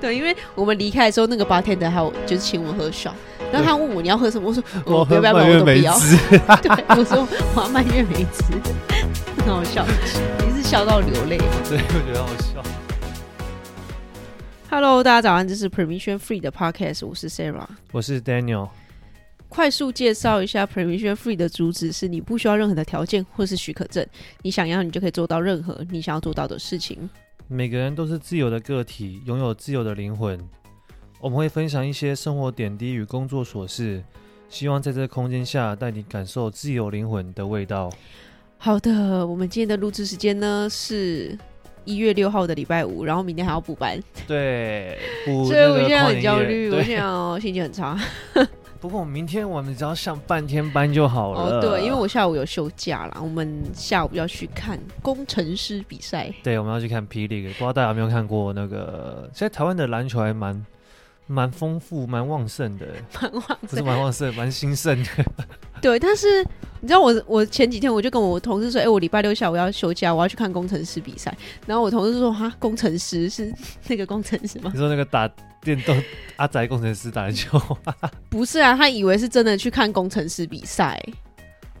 對，因為我們離開的時候，那個 bartender 還有就是請我喝酒。對然後他問我，你要喝什麼，我說、哦、我喝我都不要。」 對，我說我要蔓越莓汁，真好笑，你是， 笑到流淚，對，我覺得好笑。Hello，大家早上，這是 Permission Free 的 podcast，我是 Sarah，我是 Daniel。快速介紹一下 Permission Free 的主旨：是你不需要任何的條件或是許可證，你想要，你就可以做到任何你想要做到的事情。每個人都是自由的個體，擁有自由的靈魂。我們會分享一些生活點滴與工作瑣事，希望在這個空間下帶你感受自由靈魂的味道。好的，我們今天的錄制時間呢是一月六號的禮拜五，然後明天還要補班。對，所以我現在很焦慮，對我現在心情很差。 不過我明天我們只要上半天班就好了。哦，對，因為我下午有休假了。我們下午要去看工程師比賽。對，我們要去看霹靂。Ig, 不知道大家有沒有看過那個？現在台灣的籃球還蠻蠻豐富、蠻旺，旺，旺盛的。蠻旺，不是蠻旺盛，蠻興盛。對，但是你知道我，我前幾天我就跟我同事說，哎、欸，我禮拜六下午要休假，我要去看工程師比賽。然後我同事就說，哈，工程師是那個工程師嗎？你說那個打？都阿宅工程師打籃球？ 不是啊，他以為是真的去看工程師比賽。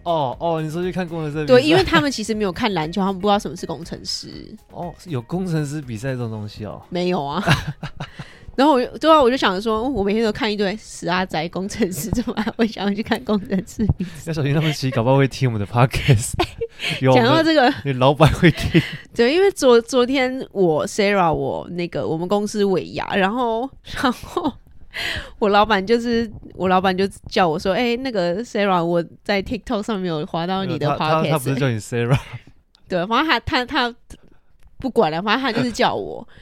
哦哦，你說去看工程師比賽？對，因為他們其實沒有看籃球， 他們不知道什麼是工程師。哦，有工程師比賽這種東西哦？沒有啊。 然後我就對啊，我就想着說，我每天都看一堆死阿宅工程師，怎麼會想要去看工程師？要 小心他們其實搞不好會聽我們的 podcast、 欸。講到這個，你老板會聽。對，因為昨昨天我 Sarah 我那個我們公司尾牙，然後然後我老板就是我老板就叫我說，哎、欸，那個 Sarah 我在 TikTok 上面有滑到你的 podcast 他，他，他不是叫你 Sarah？對，反正他他他不管了，反正他就是叫我。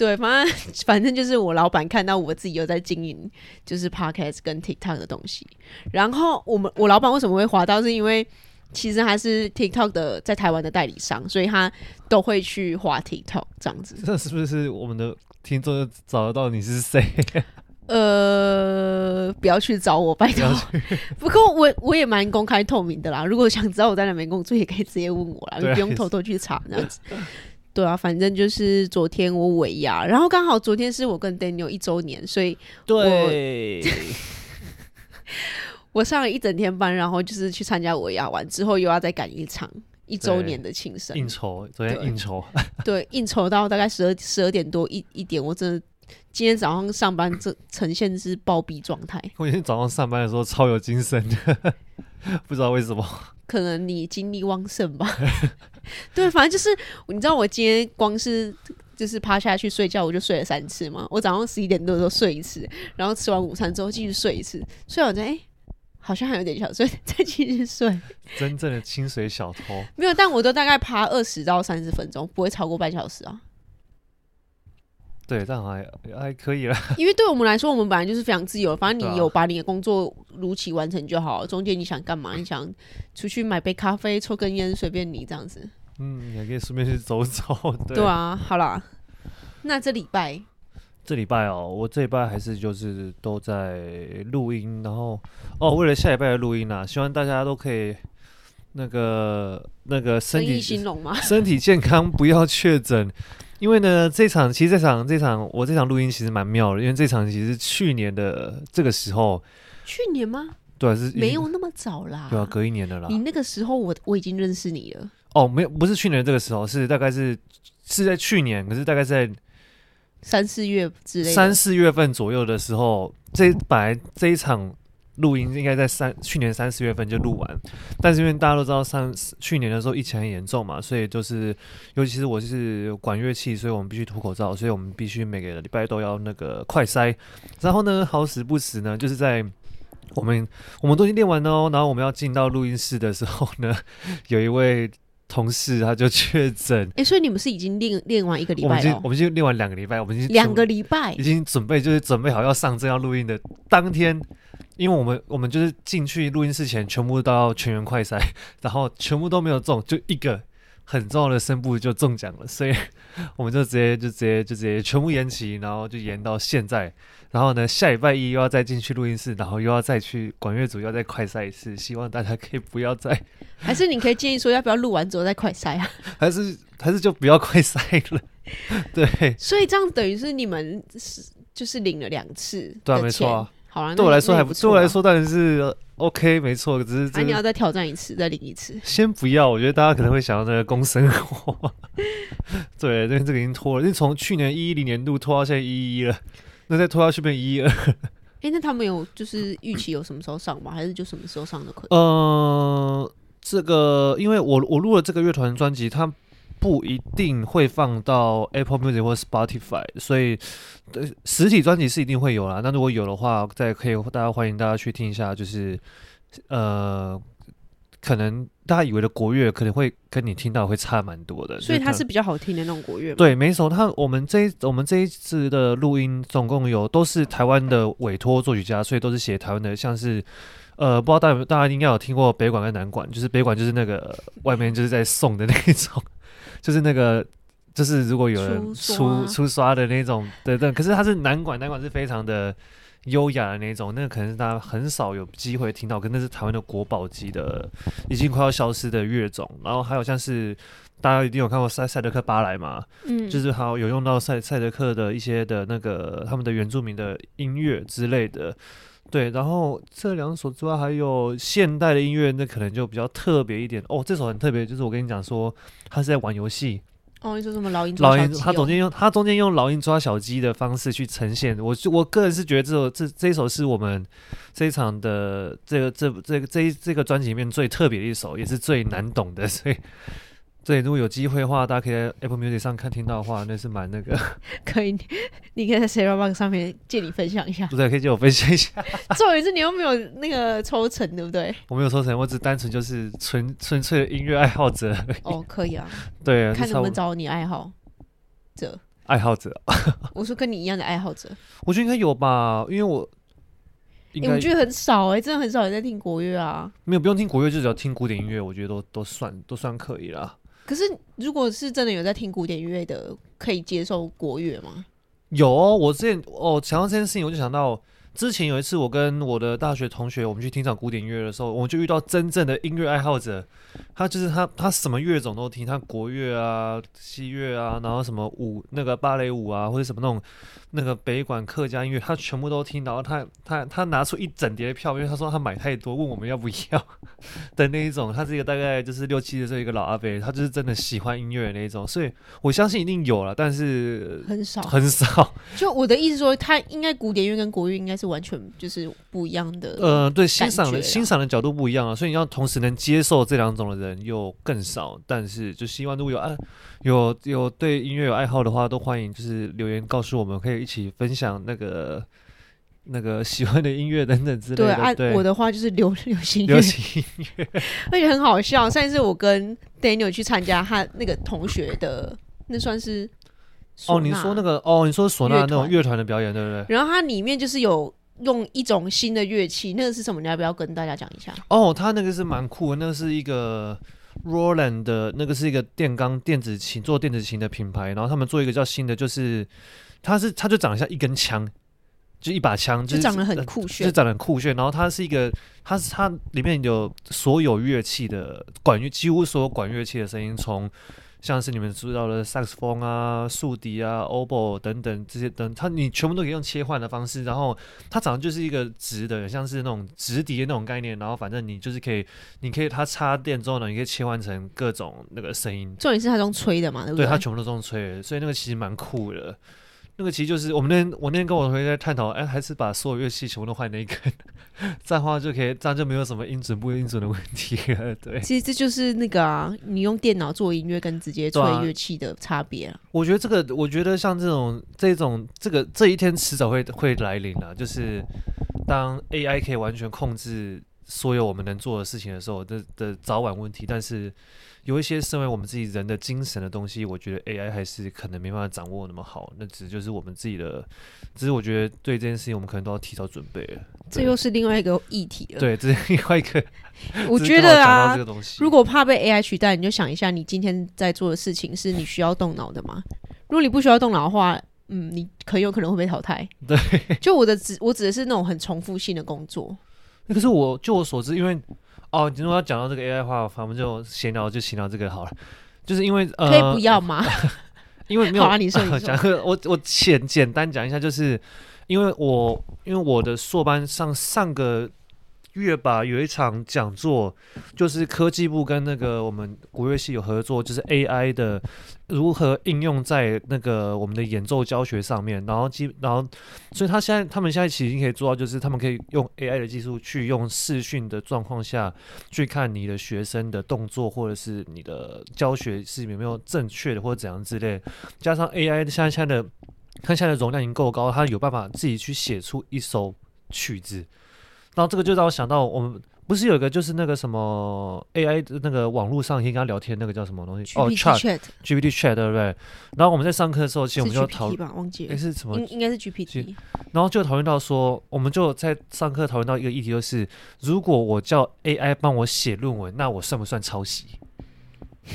對，反正反正就是我老闆看到我自己有在經營，就是 podcast 跟 TikTok 的東西。然後我們我老闆為什麼會滑到，是因為其實他是 TikTok 的在台灣的代理商，所以他都會去滑 TikTok 這樣子。這是不是我們的聽眾就找得到你是誰？呃，不要去找我，拜託。不，要不過我我也蠻公開透明的啦，如果想知道我在哪邊工作，也可以直接問我啦，啊、不用偷偷去查這樣子。 對啊，反正就是昨天我尾牙，然後剛好昨天是我跟 Daniel 一週年，所以我對 我上了一整天班，然後就是去參加尾牙完之後又要再趕一場一週年的慶生應酬，昨天應酬，對，對應酬到大概十二十二點多一一點，我真的今天早上上班這呈現是暴斃狀態。我今天早上上班的時候超有精神的， 不知道為什麼，可能你精力旺盛吧。 對，反正就是你知道，我今天光是就是趴下去睡覺，我就睡了三次嘛。我早上十一點多的時候睡一次，然後吃完午餐之後繼續睡一次，睡完哎，好像還有點小睡，再繼續睡。真正的薪水小偷 沒有，但我都大概趴二十到三十分鐘，不會超過半小時啊。對，這樣還還可以啦。因為對我們來說，我們本來就是非常自由，反正你有把你的工作如期完成就好。啊、中間你想幹嘛？你想出去買杯咖啡、抽根菸，隨便你這樣子。嗯，你還可以順便去走走。對,對啊，好啦，那這禮拜，這禮拜哦，我這禮拜還是就是都在錄音。然後哦，為了下禮拜的錄音呢、啊，希望大家都可以那個那個身體，生意興隆嗎身體健康，不要確診。因為呢，這場其實這場這場我這場錄音其實蠻妙的，因為這場其實是去年的這個時候，去年嗎？對啊，是沒有那麼早啦，對啊，隔一年的啦。你那個時候我我已經認識你了哦，沒有，不是去年這個時候，是大概是是在去年，可是大概是在三四月之類三四月份左右的時候，嗯，這本來這一場。錄音應該在三去年三四月份就錄完，但是因為大家都知道上去年的時候疫情很嚴重嘛，所以就是尤其是我就是管樂器，所以我們必須涂口罩，所以我們必須每個禮拜都要那個快篩。然後呢，好死不死呢，就是在我們我們都已經練完嘍，然後我們要進到錄音室的時候呢，有一位同事他就確診。哎、欸，所以你們是已經練練完一個禮拜了，我們就練完兩個禮拜，我們已經兩個禮拜已經準備就是準備好要上陣要錄音的當天。因為我們我們就是進去錄音室前，全部都要全員快篩，然後全部都沒有中，就一個很重要的聲部就中獎了，所以我們就直接就直接就直接全部延期，然後就延到現在。然後呢，下禮拜一又要再進去錄音室，然後又要再去管樂組，又要再快篩一次。希望大家可以不要再，還是你可以建議說要不要錄完之後再快篩啊？還是還是就不要快篩了？對，所以這樣等於是你們是就是領了兩次的錢。對啊，沒錯啊。好，對我來說還不，不錯，對我來說當然是 OK，沒錯。只是，那、啊、你要再挑戰一次，再領一次。先不要，我覺得大家可能會想到這個公生活。呵呵 對，但是這個已經拖了，因為從去年一一零年度拖到現在一一一了，那再拖下去變一一二。哎， 那他們有就是預期有什麼時候上嗎？咳咳還是就什麼時候上的可能？呃，這個因為我我錄了這個樂團專輯，他。不一定會放到 Apple Music 或 Spotify，所以實體專輯是一定會有啦。那如果有的話，再可以大家歡迎大家去聽一下，就是呃，可能大家以為的國樂可能會跟你聽到會差蠻多的。所以它是比較好聽的那種國樂？對，沒錯。他我們這一我們這一次的錄音總共有都是台灣的委托作曲家，所以都是寫台灣的，像是呃，不知道大家大家應該有聽過北管跟南管，就是北管就是那個、呃、外面就是在送的那一種。 就是那個，就是如果有人出刷出刷的那種，對對，可是他是南管，南管是非常的優雅的那種，那個可能是他很少有機會聽到，可那是台灣的國寶級的，已經快要消失的樂種。然後還有像是大家一定有看過賽賽德克巴萊嘛，嗯，就是還有有用到賽賽德克的一些的那個他們的原住民的音樂之類的。對，然後這兩首之外，還有現代的音樂呢，那可能就比較特別一點哦。這首很特別，就是我跟你講說，他是在玩遊戲。哦，就說什麼老鷹、哦、老鷹，他中間用他中間用老鷹抓小雞的方式去呈現。我我個人是覺得這首這這一首是我們這一場的這個這這這這個專輯裡面最特別的一首，也是最難懂的，所以。對，如果有機會的話，大家可以在 Apple Music 上看聽到的話，那是蠻那個。可以，你可以在 Sarabox 上面借你分享一下。對，可以借我分享一下。做一次你又沒有那個抽成，對不對？我沒有抽成，我只單純就是純純粹的音樂愛好者。哦，可以啊。對啊。看什麼找你愛好者。愛好者。我說跟你一樣的愛好者。我覺得應該有吧，因為我、欸。我覺得很少、欸、真的很少人在聽國樂啊。沒有，不用聽國樂，就只要聽古典音樂，我覺得都都算都算可以了。可是，如果是真的有在聽古典音樂的，可以接受國樂嗎？有哦，我之前哦，想到這件事情，我就想到之前有一次，我跟我的大學同學，我們去聽場古典音樂的時候，我們就遇到真正的音樂愛好者，他就是他，他什麼樂種都聽，他國樂啊、西樂啊，然後什麼舞那個芭蕾舞啊，或者什麼那種。那個北管客家音樂，他全部都聽到。他他他拿出一整疊的票，因為他說他買太多，問我們要不要的那一種。他這個大概就是六七十歲一個老阿伯，他就是真的喜歡音樂的那一種，所以我相信一定有了，但是很少很少。就我的意思說，他應該古典音樂跟國樂應該是完全就是不一樣的。呃，對，欣賞的欣賞的角度不一樣啊，所以你要同時能接受這兩種的人又更少，但是就希望如果有啊。有有對音樂有愛好的話，都歡迎，就是留言告訴我們，可以一起分享那個那個喜歡的音樂等等之類的。對，啊、對我的話就是流流行、流行音樂， 而且很好笑。上一次我跟 Daniel 去參加他那個同學的，那算是嗩吶樂團哦，你說那個哦，你說嗩吶樂團那種樂團的表演，對不對？然後它裡面就是有用一種新的樂器，那個是什麼？你要不要跟大家講一下？哦，它那個是蠻酷的、嗯，那個是一個。Roland 的那個是一個電鋼電子琴，做電子琴的品牌，然後他們做一個叫新的，就是它是它就長得像一根槍，就一把槍，就長得很酷炫，就，就長得很酷炫，然後它是一個，它是它裡面有所有樂器的管樂，幾乎所有管樂器的聲音從。像是你們知道的薩克斯風啊、豎笛啊、oboe 等等這些等，它，你全部都可以用切換的方式，然後它長得就是一個直的，像是那種直笛的那種概念，然後反正你就是可以，你可以，它插電之後呢，你可以切換成各種那個聲音。重點是它用吹的嘛，對不對？對，它全部都用吹的，所以那個其實蠻酷的。那個其實就是我們那天，我那天跟我同學在探討，哎、啊，還是把所有樂器全部都換那個，這樣的話就可以，這樣就沒有什麼音準不音準的問題了。對，其實這就是那個啊，你用電腦做音樂跟直接吹樂器的差別、啊啊、我覺得這個，我覺得像這種這種這個這一天遲早會會來臨了、啊，就是當 AI 可以完全控制所有我們能做的事情的時候的的，的早晚問題。但是。有一些身為我們自己人的精神的東西，我覺得 AI 還是可能沒辦法掌握那麼好。那只是就是我們自己的，只是我覺得對這件事情，我們可能都要提早準備了。這又是另外一個議題了。對，這是另外一個。我覺得啊，如果怕被 AI 取代，你就想一下，你今天在做的事情是你需要動腦的嗎？如果你不需要動腦的話，嗯，你很有可能會被淘汰。對。就我的指，我指的是那種很重複性的工作。那可是我，就我所知，因為。哦，如果要講到這個 AI 的話，我們就閒聊就閒聊這個好了，就是因為、呃、可以不要嗎？因為沒有，啊、呃、我我簡簡單講一下，就是因為我因為我的碩班上上個。樂吧有一場講座，就是科技部跟那個我們國樂系有合作，就是 AI 的如何應用在那個我們的演奏教學上面。然後基，然後所以他現在他們現在其實已經可以做到，就是他們可以用 AI 的技術去用視訊的狀況下去看你的學生的動作，或者是你的教學是有沒有正確的，或者怎樣之類。加上 AI 的現在現在的，它現在的容量已經夠高，它有辦法自己去寫出一首曲子。然後這個就讓我想到，我們不是有一個就是那個什麼 AI 的那個網絡上可以跟他聊天那個叫什麼東西 GPT、oh, 哦 Chat GPT Chat、嗯、對不對？然後我們在上課的時候，其實我們就要討論吧，誒，是什麼，應,應該是 GPT，然後就討論到說，我們就在上課討論到一個議題，就是如果我叫 AI 幫我寫論文，那我算不算抄襲？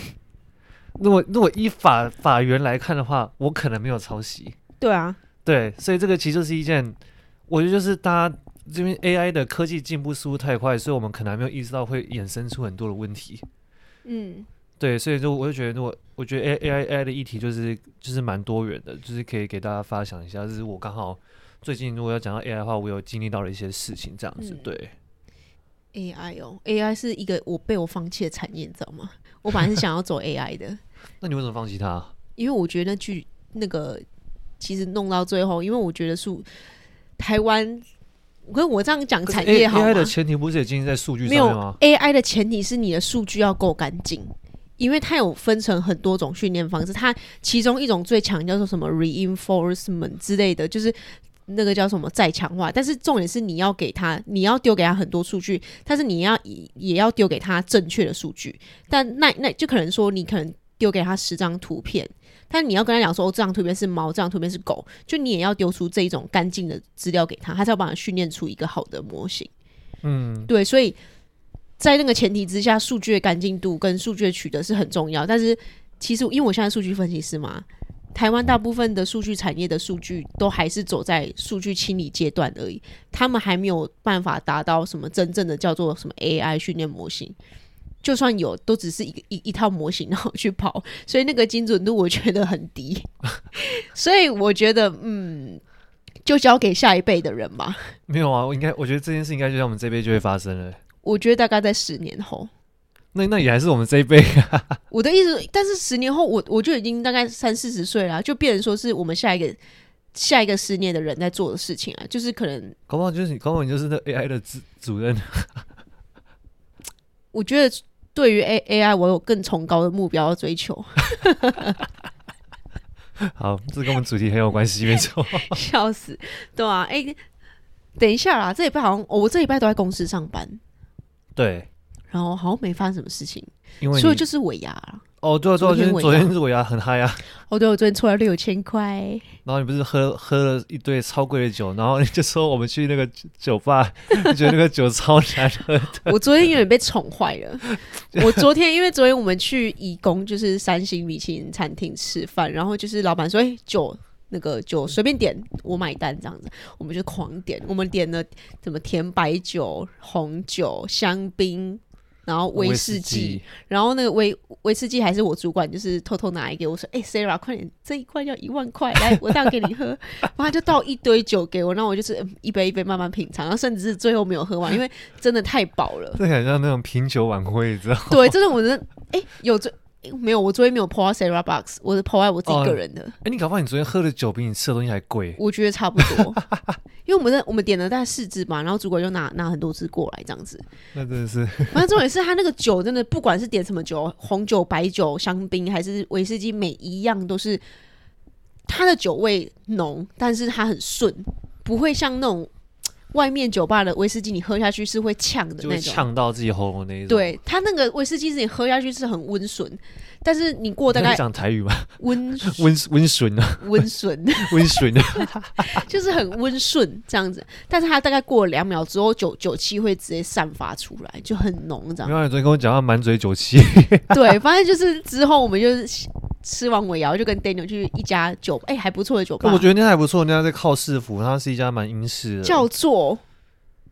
如果如果依法法源來看的話，我可能沒有抄襲。對啊，對，所以這個其實就是一件，我覺得就是大家。這邊 AI 的科技進步速度太快，所以我們可能還沒有意識到會衍生出很多的問題。嗯，對，所以就我就覺得，如果我覺得 AI, AI 的議題就是就是蠻多元的，就是可以給大家發想一下。就是我剛好最近如果要講到 AI 的話，我有經歷到了一些事情這樣子。嗯、對，AI 哦，AI 是一個我被我放棄的產業，你知道嗎？我本來是想要走 AI 的， 那你為什麼放棄它？因為我覺得那句，那個其實弄到最後，因為我覺得是台灣。我跟我這樣講產業好 AI 的前提不是也建立在數據上嗎？AI 的前提是你的數據要夠乾淨，因為它有分成很多種訓練方式，它其中一種最強叫做什麼 reinforcement 之類的，就是那個叫什麼再強化。但是重點是你要給他，你要丟給他很多數據，但是你要以也要丟給他正確的數據。但那那就可能說，你可能丟給他十張圖片。但你要跟他講說，這張圖片是貓，這張圖片是狗，就你也要丟出這一種乾淨的資料給他，他才幫你訓練出一個好的模型。嗯，對，所以在那個前提之下，數據的乾淨度跟數據的取得是很重要。但是其實因為我現在數據分析師嘛，台灣大部分的數據產業的數據都還是走在數據清理階段而已，他們還沒有辦法達到什麼真正的叫做什麼 AI 訓練模型。就算有，都只是一個一一套模型，然後去跑，所以那個精準度我覺得很低。 所以我覺得，嗯，就交給下一輩的人吧。沒有啊，我應該，我覺得這件事應該就在我們這一輩就會發生了。我覺得大概在十年後。那那也還是我們這一輩啊。我的意思，但是十年後我，我我就已經大概三四十歲了啊，就變成說是我們下一個下一個十年的人在做的事情啊，就是可能。搞不好就是你，搞不好你就是那 AI 的主主任。 我覺得。對於 AI，我有更崇高的目標要追求。 好，這跟我們主題很有關係， 沒錯。 笑死，對吧、啊？哎、欸，等一下啦，這禮拜好像、哦、我這禮拜都在公司上班。對。然後好像沒發生什麼事情，因為所以就是尾牙。哦，對啊，對啊，昨昨天是尾牙很嗨啊！哦對，我昨天抽了六千塊，然後你不是喝喝了一堆超貴的酒，然後你就說我們去那個酒吧， 你覺得那個酒超難喝。 我昨天有點被寵壞了， 我昨天因為昨天我們去頤宮，就是三星米其林餐廳吃飯，然後就是老闆說，哎，酒那個酒隨便點，我買單這樣子，我們就狂點，我們點了什麼甜白酒、紅酒、香檳。然後威士忌，士忌然後那個威威士忌，還是我主管，就是偷偷拿一個，我說：“哎、欸、，Sara，快點，這一塊要一萬塊，來，我倒給你喝。” 然後他就倒一堆酒給我，那我就是、嗯、一杯一杯慢慢品嘗，然後甚至是最後沒有喝完，因為真的太飽了。這很像那種品酒晚會，你知道嗎？對，這是我的哎、欸，有這。沒有，我昨天沒有 po 到 Sara box，我是 po 在我自己個人的。哎，uh，你搞不好你昨天喝的酒比你吃的東西還貴？我覺得差不多， 因為我們在我們點了大概四支嘛，然後主管就拿拿很多支過來這樣子。那真的是，反正重點是他那個酒真的，不管是點什麼酒， 紅酒、白酒、香檳還是威士忌，每一樣都是他的酒味濃，但是他很順，不會像那種。外面酒吧的威士忌，你喝下去是會嗆的那種，嗆到自己喉嚨那一種。對，它那個威士忌是你喝下去是很溫順，但是你過大概講台語嗎？溫溫溫順啊，溫順順，溫順，啊、 就是很溫順這樣子。但是它大概過了兩秒之後，酒酒氣會直接散發出來，就很濃這樣子。沒有，昨天跟我講話，滿嘴酒氣。 對，反正就是之後我們就是。吃完，尾牙就跟 Daniel 去一家酒，哎、欸，還不錯的酒吧。我覺得那家還不錯，那家在靠市府，它是一家蠻英式的，叫做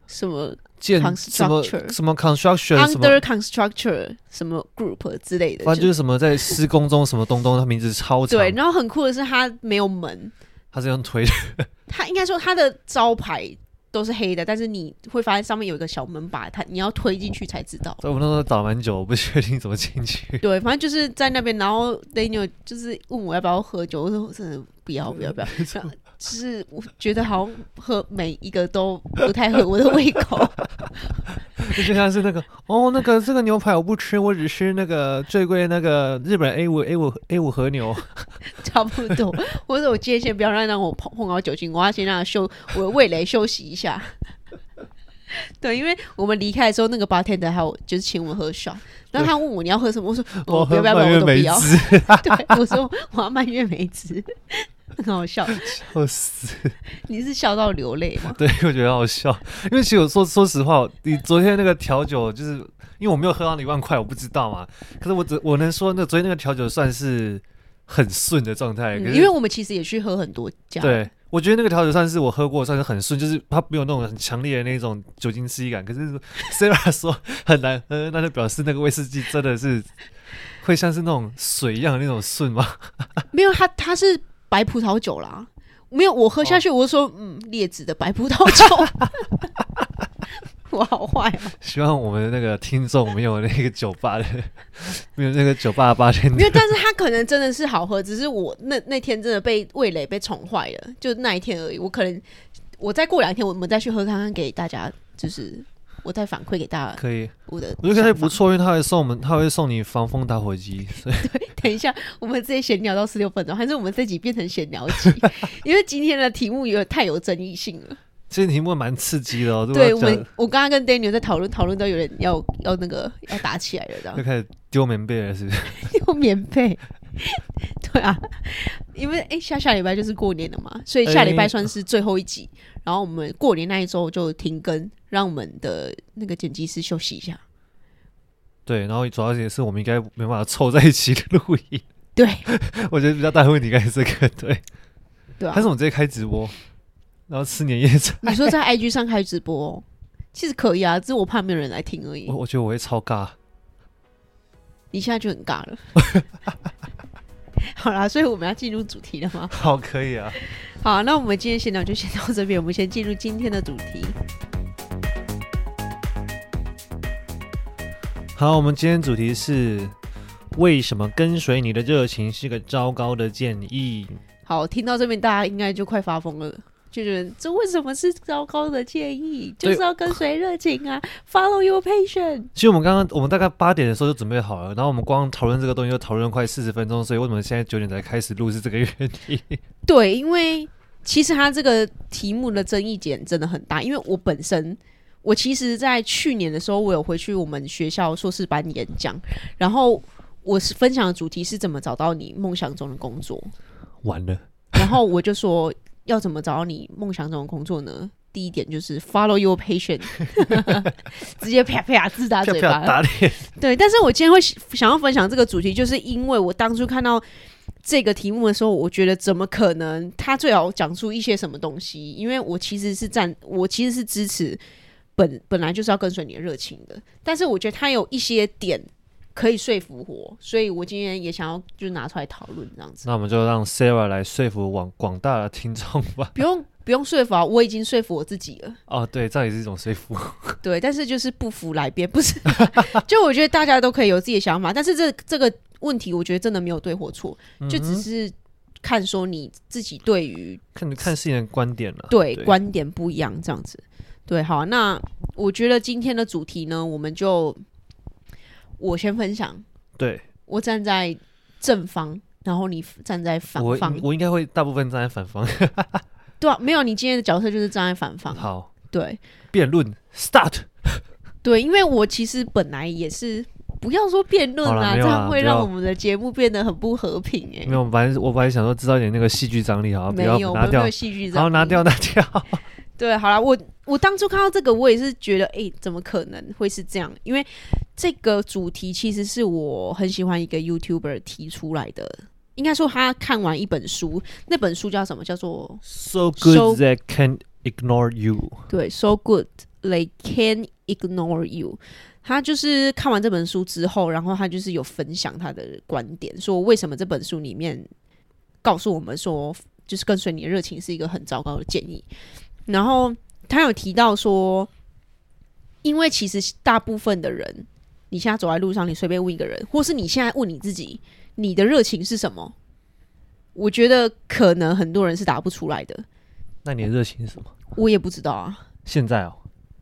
什麼 constructure, 建什麼什麼 construction under construction 什麼 group 之類的，反正就是什麼在施工中什麼東東，它 名字超長。對，然後很酷的是它沒有門，它是用推的。它應該說它的招牌。都是黑的，但是你會發現上面有一個小門把，它你要推進去才知道。所以、哦、我們那時候找蠻久，我不確定怎麼進去。 對，反正就是在那邊，然後 Daniel 就是問、嗯、我要不要喝酒，我說真的不要不要不要。 是我覺得好像喝每一個都不太合我的胃口。 就像是那個哦，那個這個牛排我不吃，我只吃那個最貴那個日本 A 五 A 五 A 五和牛。差不多，我說我今天先不要讓讓我碰碰到酒精，我要先讓他休我的味蕾休息一下。 對，因為我們離開的時候，那個 bartender 還有就是請我們喝爽，然後他問我你要喝什麼，我說對、哦、我喝蔓越莓汁， 對，我說我要蔓越莓汁。很好笑，笑死！ 你是笑到流淚嗎？對，我覺得很好笑。因為其實我說，說實話，你昨天那個調酒，就是因為我沒有喝到一萬塊，我不知道嘛。可是我只我能說，那昨天那個調酒算是很順的狀態。嗯、是因為我們其實也去喝很多家。對，我覺得那個調酒算是我喝過算是很順，就是它沒有那種很強烈的那種酒精刺激感。可是 Sara 說很難喝，那就表示那個威士忌真的是會像是那種水一樣的那種順嗎？ 沒有，它它是。白葡萄酒啦，沒有，我喝下去我就說，我說、哦、嗯，劣質的白葡萄酒， 我好壞、啊、希望我們的那個聽眾沒有那個酒吧的， 沒有那個酒吧的八天，因為但是他可能真的是好喝，只是我那那天真的被味蕾被寵壞了，就那一天而已。我可能我再過兩天，我們再去喝看看，給大家就是。我再反饋給大家。可以，我的我覺得還不錯，因為他會送我們，他會送你防風打火機。 對，等一下，我們直接閒聊到十六分鐘，還是我們自己變成閒聊機？ 因為今天的題目有點太有爭議性了。今天題目蠻刺激的哦。對不我們，我剛剛跟 Daniel 在討論，討論到有人要要那個要打起來了，這樣。就開始丟棉被了是不是？丟 棉被。 對啊，因為哎、欸，下下禮拜就是過年了嘛，所以下禮拜算是最後一集。欸、然後我們過年那一周就停更，讓我們的那個剪輯師休息一下。對，然後主要也是我們應該沒辦法湊在一起的錄音。對， 我覺得比較大問題應該是這個，對，對啊。還是我們直接開直播，然後吃年夜菜，你說在 IG 上開直播，欸、其實可以啊，只是我怕沒有人來聽而已。我，我覺得我會超尬。你現在就很尬了。 好啦，所以我們要進入主題了嗎？好，可以啊。好，那我們今天閒聊就先到這邊，我們先進入今天的主題。好，我們今天主題是：為什麼跟隨你的熱情是個糟糕的建議？好，聽到這邊大家應該就快發瘋了。就是這為什麼是糟糕的建議？就是要跟隨熱情啊。對，Follow your passion 其實我們剛剛我們大概八點的時候就準備好了，然後我們光討論這個東西就討論快四十分鐘，所以為什麼現在九點才開始錄是這個原因？對，因為其實他這個題目的爭議點真的很大。因為我本身我其實，在去年的時候我有回去我們學校碩士班演講，然後我是分享的主題是怎麼找到你夢想中的工作。完了，然後我就說。 要怎麼找到你夢想中的工作呢？第一點就是 follow your p a t i e n t 直接啪啪自打嘴巴啪啪打對，但是我今天會想要分享這個主題，就是因為我當初看到這個題目的時候，我覺得怎麼可能？他最好講出一些什麼東西？因為我其實是站，我其實是支持本本來就是要跟隨你的熱情的。但是我覺得他有一些點。可以說服我，所以我今天也想要就拿出來討論這樣子。那我們就讓 Sara 來說服廣廣大的聽眾吧。不用不用說服啊，我已經說服我自己了。哦，對，這也是一種說服。對，但是就是不服來辯，不是？ 就我覺得大家都可以有自己的想法，但是這這個問題，我覺得真的沒有對或錯，就只是看說你自己對於、嗯嗯、看看事情的觀點了、啊。對，對觀點不一樣，這樣子。對，好，那我覺得今天的主題呢，我們就。我先分享，對，我站在正方，然後你站在反方，我，我應該會大部分站在反方。 對啊，沒有，你今天的角色就是站在反方。好，對，辯論 start。對，因為我其實本來也是不要說辯論啊，這樣會讓我們的節目變得很不和平哎、欸。沒有，我本來我本來想說製造一點那個戲劇張力。好啊，沒有，沒有戲劇張力，然後拿掉拿掉。對，好啦，我。我當初看到這個，我也是覺得，誒、欸，怎麼可能會是這樣？因為這個主題其實是我很喜歡一個 YouTuber 提出來的，應該說他看完一本書，那本書叫什麼？叫做 So Good That Can't Ignore You 對。對，So Good They Can't Ignore You。他就是看完這本書之後，然後他就是有分享他的觀點，說為什麼這本書裡面告訴我們說，就是跟隨你的熱情是一個很糟糕的建議，然後。他有提到說，因為其實大部分的人，你現在走在路上，你隨便問一個人，或是你現在問你自己，你的熱情是什麼？我覺得可能很多人是答不出來的。那你的熱情是什麼？嗯？我也不知道啊。現在哦，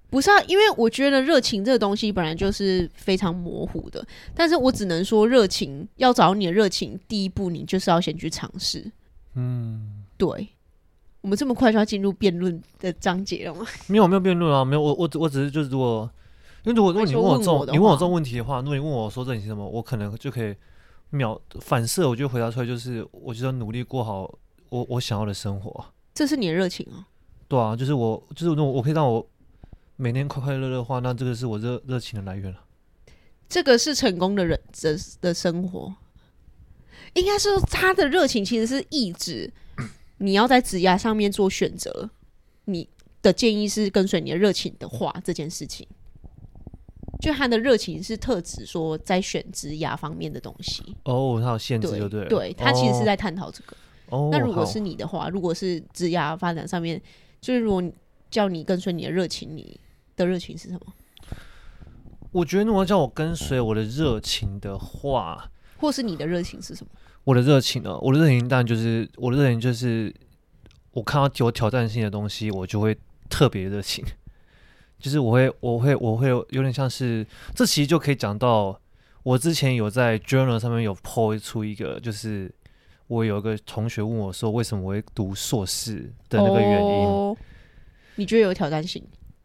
不是啊，因為我覺得熱情這個東西本來就是非常模糊的，但是我只能說，熱情要找你的熱情，第一步你就是要先去嘗試。嗯，對。我們這麼快就要進入辯論的章節了嗎？沒有，沒有辯論啊，沒有。我我我只是就是說，因為如果如果你問我這種，你問我這種問題的話，如果你問我說這熱是什麼，我可能就可以秒反射，我就回答出來，就是我覺得努力過好我我想要的生活。這是你的熱情哦？對啊，就是我就是如果我可以讓我每天快快樂樂的話，那這個是我熱熱情的來源了。這個是成功的人的的生活，應該是他的熱情其實是意志。你要在職涯上面做選擇，你的建議是跟隨你的熱情的話，這件事情，就他的熱情是特指說在選職涯方面的東西。哦，他有限制就對。對、哦、對他其實是在探討這個。哦、那如果是你的話，哦、如果是職涯發展上面，好就是如果你叫你跟隨你的熱情，你的熱情是什麼？我覺得如果要叫我跟隨我的熱情的話，或是你的熱情是什麼？我的熱情呢？我的熱情但就是我的熱情，就是我看到有挑戰性的東西，我就會特別熱情。就是我會，我會，我會有點像是這，其實就可以講到我之前有在 journal 上面有 po 一出一個，就是我有一個同學問我說，為什麼我會讀碩士的那個原因？哦，你覺得有挑戰性？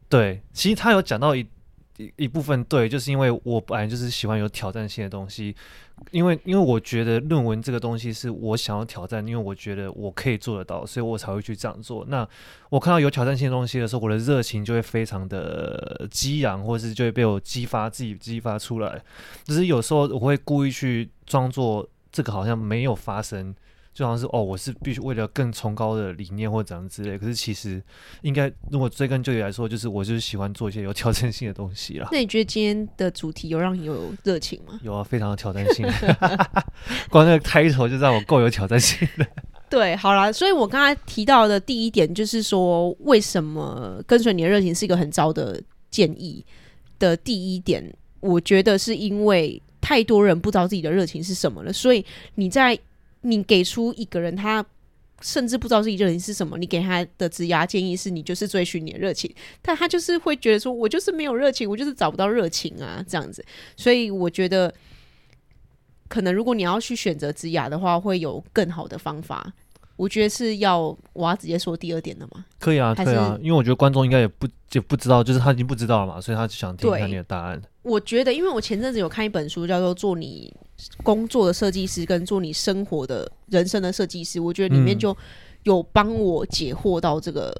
對，其實他有講到一。一部分對，就是因為我本來就是喜歡有挑戰性的東西，因為因為我覺得論文這個東西是我想要挑戰，因為我覺得我可以做得到，所以我才會去這樣做。那我看到有挑戰性的東西的時候，我的熱情就會非常的激昂，或是就會被我激發，自己激發出來。只是有時候我會故意去裝作這個好像沒有發生。就好像是哦，我是必須為了更崇高的理念或怎樣之類。可是其實應，應該如果追根究底來說，就是我就是喜歡做一些有挑戰性的東西了。那你覺得今天的主題有讓你有熱情嗎？有啊，非常有挑戰性的， 光那個開頭就讓我夠有挑戰性的。 對，好啦。所以我剛才提到的第一點就是說，為什麼跟隨你的熱情是一個很糟的建議的第一點，我覺得是因為太多人不知道自己的熱情是什麼了，所以你在。你給出一個人，他甚至不知道自己熱情是什麼，你給他的職涯建議是你就是追尋你的熱情，但他就是會覺得說，我就是沒有熱情，我就是找不到熱情啊，這樣子。所以我覺得，可能如果你要去選擇職涯的話，會有更好的方法。我覺得是要我要直接說第二點的嘛？可以啊，可以是啊，因為我覺得觀眾應該也不就不知道，就是他已經不知道了嘛，所以他想聽一下你的答案。我覺得，因為我前陣子有看一本書，叫做《做你工作的設計師》跟《做你生活的人生的設計師》，我覺得裡面就有幫我解惑到這個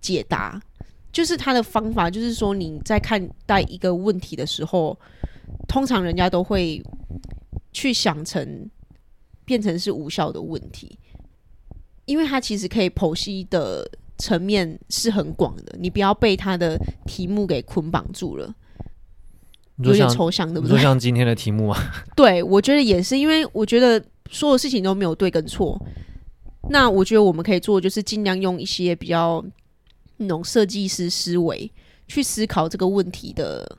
解答。嗯。就是他的方法，就是說你在看待一個問題的時候，通常人家都會去想成變成是無效的問題，因為他其實可以剖析的層面是很廣的。你不要被他的題目給捆綁住了。有點抽象，對不對？就像今天的題目啊， 對，我覺得也是，因為我覺得所有事情都沒有對跟錯。 那我覺得我們可以做，就是盡量用一些比較那種設計師思維去思考這個問題的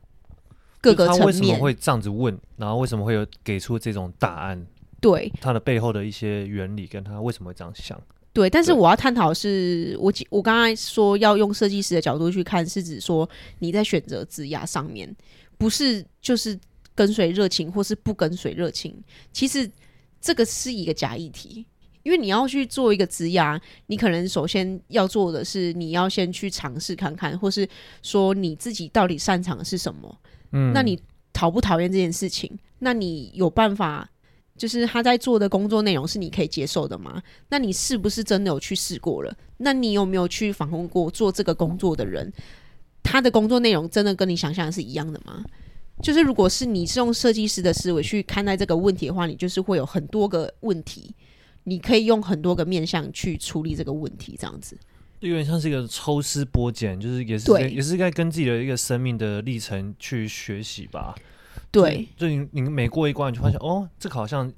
各個層面。他為什麼會這樣子問？然後為什麼會有給出這種答案？對，它的背後的一些原理，跟他為什麼會這樣想？對，但是我要探討的是對我我剛才說要用設計師的角度去看，是指說你在選擇職涯上面。不是，就是跟隨熱情，或是不跟隨熱情。其實這個是一個假議題，因為你要去做一個職涯，你可能首先要做的是，你要先去嘗試看看，或是說你自己到底擅長的是什麼。嗯，那你討不討厭這件事情？那你有辦法，就是他在做的工作內容是你可以接受的嗎？那你是不是真的有去試過了？那你有沒有去訪問過做這個工作的人？他的工作內容真的跟你想象是一樣的嗎？就是如果是你是用設計師的思維去看待這個問題的話，你就是會有很多個問題，你可以用很多個面向去處理這個問題，這樣子。這有點像是一個抽絲剝繭，就是也是應對，也是應該跟自己的一個生命的歷程去學習吧。對，就你你每過一關，你就發現哦，這個好像。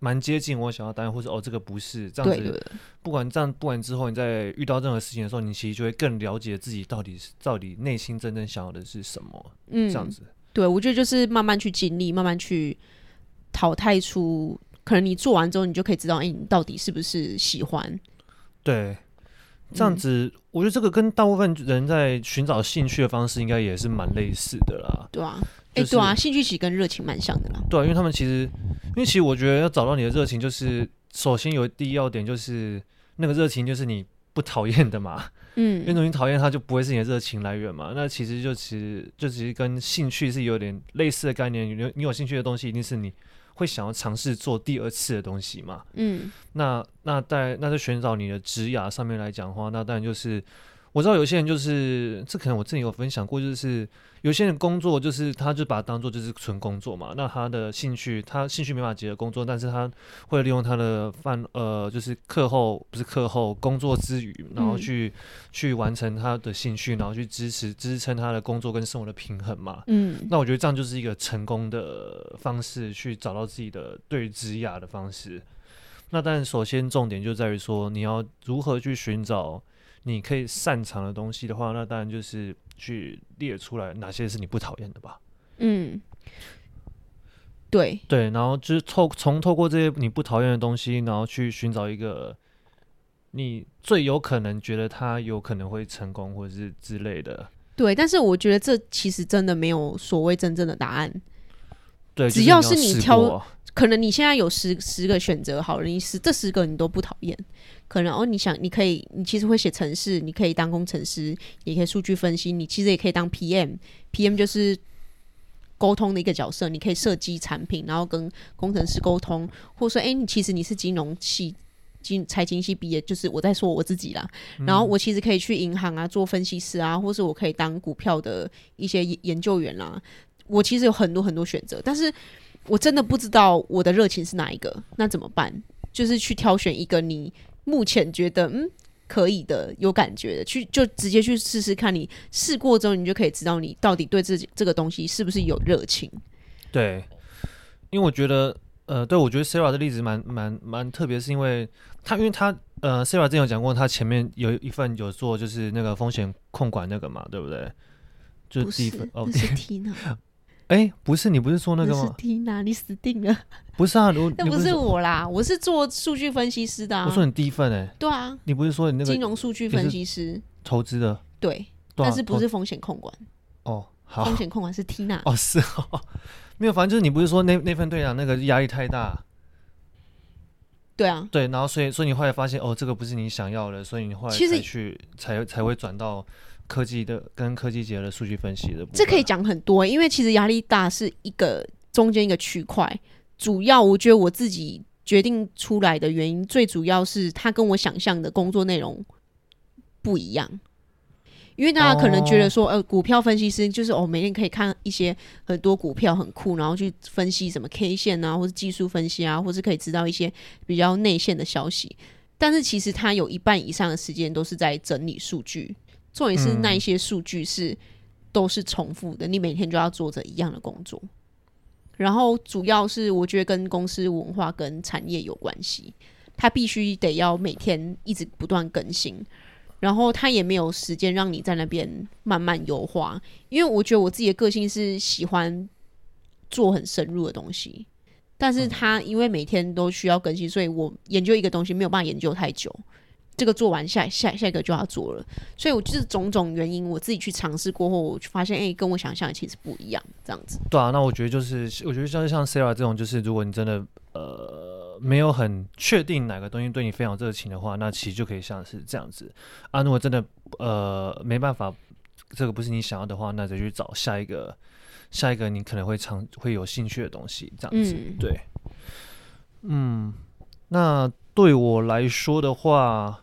蠻接近我想要答案，或者哦，這個不是這樣子。對對不對？不管這樣，不管之後你再遇到任何事情的時候，你其實就會更了解自己到底是到底內心真正想要的是什麼？嗯，這樣子。對，我覺得就是慢慢去經歷，慢慢去淘汰出，可能你做完之後，你就可以知道，哎、欸，你到底是不是喜歡。對，這樣子，嗯、我覺得這個跟大部分人在尋找興趣的方式，應該也是蠻類似的啦。對啊。哎，就是欸、對啊，興趣其實跟熱情蠻像的啦。對啊，因為他們其實，因為其實我覺得要找到你的熱情，就是首先有第一要點，就是那個熱情就是你不討厭的嘛。嗯，因為你討厭它，就不會是你的熱情來源嘛。那其實就其實就只是跟興趣是有點類似的概念。你有你有興趣的東西，一定是你會想要嘗試做第二次的東西嘛。嗯，那那在那就尋找你的職涯上面來講的話，那當然就是。我知道有些人就是，這可能我自己有分享過，就是有些人工作就是，他就把它當做就是純工作嘛。那他的興趣，他興趣沒法結合工作，但是他會利用他的飯，呃，就是課後不是課後工作之餘，然後去去完成他的興趣，然後去支持支撐他的工作跟生活的平衡嘛。嗯，那我覺得這樣就是一個成功的方式去找到自己的對職業的方式。那但首先重點就在於說，你要如何去尋找。你可以擅長的東西的話，那當然就是去列出來哪些是你不討厭的吧。嗯，對對，然後就是透從透過這些你不討厭的東西，然後去尋找一個你最有可能覺得他有可能會成功，或是之類的。對，但是我覺得這其實真的沒有所謂真正的答案。對，就是、要只要是你挑。可能你現在有十十個選擇，好了，你是這十個你都不討厭，可能哦，你想你可以，你其實會寫程式，你可以當工程師，也可以數據分析，你其實也可以當 PM，PM PM 就是溝通的一個角色，你可以設計產品，然後跟工程師溝通，或者說，哎，你其實你是金融系、金財經系畢業，就是我在說我自己啦，嗯、然後我其實可以去銀行啊做分析師啊，或是我可以當股票的一些研，研究員啦、啊，我其實有很多很多選擇，但是。我真的不知道我的熱情是哪一個，那怎麼辦？就是去挑選一個你目前覺得嗯可以的、有感覺的，去就直接去試試看你。你試過之後，你就可以知道你到底對這這個東西是不是有熱情。對，因為我覺得，呃，對我覺得 Sara 的例子蠻蠻蠻特別，是因為他，因為他，呃，Sara 之前有講過，他前面有一份有做就是那個風險控管那個嘛，對不對？就幾份是哦，是 Tina 哎、欸，不是你不是說那個嗎？是 Tina，你死定了！不是啊，不是那不是我啦，我是做數據分析師的、啊。我說你第一份哎。對啊，你不是說你那個金融數據分析師？投資的。對，對啊、但是不是風險控管。哦，好。風險控管是 Tina。哦，是哦。 沒有，反正就是你不是說那那份隊長那個壓力太大。對啊。對，然後所以所以你後來發現哦，這個不是你想要的，所以你後來其實去才才會轉到。科技的跟科技節的數據分析的部分，這可以講很多、欸，因為其實壓力大是一個中間一個區塊。主要我覺得我自己決定出來的原因，最主要是它跟我想象的工作內容不一樣。因為大家可能覺得說，哦、呃，股票分析師就是哦，每天可以看一些很多股票很酷，然後去分析什麼 K 線啊，或是技術分析啊，或是可以知道一些比較內線的消息。但是其實他有一半以上的時間都是在整理數據。重點是那一些數據是都是重複的，嗯、你每天就要做着一樣的工作。然後主要是我覺得跟公司文化跟產業有關係，它必須得要每天一直不斷更新，然後它也沒有時間讓你在那邊慢慢優化。因為我覺得我自己的個性是喜歡做很深入的東西，但是它因為每天都需要更新，所以我研究一個東西沒有辦法研究太久。這個做完，下下下一個就要做了，所以，我就是種種原因，我自己去嘗試過後，我就發現，哎、欸，跟我想象的其實不一樣，這樣子。對啊，那我覺得就是，我覺得像像 Sara 這種，就是如果你真的呃沒有很確定哪個東西對你非常熱情的話，那其實就可以像是這樣子啊。如果真的呃沒辦法，這個不是你想要的話，那就去找下一個下一個你可能會嘗會有興趣的東西，這樣子。嗯、對，嗯，那對我來說的話。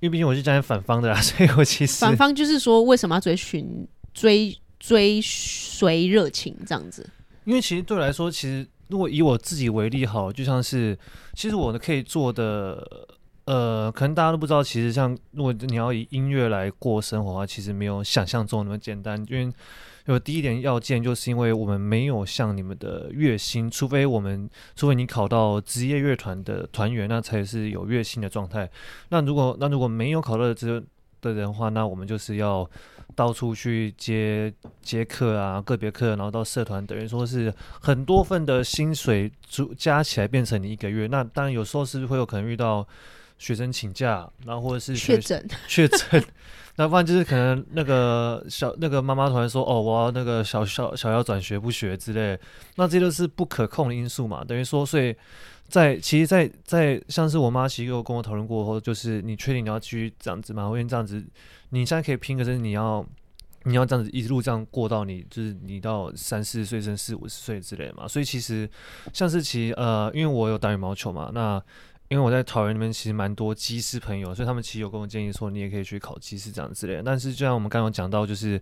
因為畢竟我是站在反方的啦，所以我其實反方就是說，為什麼要追尋追追隨熱情這樣子？因為其實對我來說，其實如果以我自己為例好，就像是其實我可以做的，呃，可能大家都不知道，其實像如果你要以音樂來過生活的話，其實沒有想象中那麼簡單，因為。因為第一點要件，就是因為我們沒有像你們的月薪，除非我們，除非你考到職業樂團的團員，那才是有月薪的狀態。那如果那如果沒有考到職的人的話，那我們就是要到處去接接課啊，個別課，然後到社團，等於說是很多份的薪水加起來變成你一個月。那當然有時候是，是會有可能遇到。學生請假，然後或者是確診確診，那不然就是可能那個小那個媽媽突然說哦，我要那個小小小小要轉學不學之類，那這些都是不可控的因素嘛。等於說，所以在其實在，在在像是我媽其實有跟我討論過後，就是你確定你要繼續這樣子嗎？因為這樣子你現在可以拼個，可是你要你要這樣子一路這樣過到你就是你到三四十歲，甚至四五十歲之類嘛。所以其實像是其實呃，因為我有打羽毛球嘛，那。因為我在桃園那邊，其實蠻多機師朋友，所以他們其實有跟我建議說，你也可以去考機師這樣之類的。但是就像我們剛剛講到，就是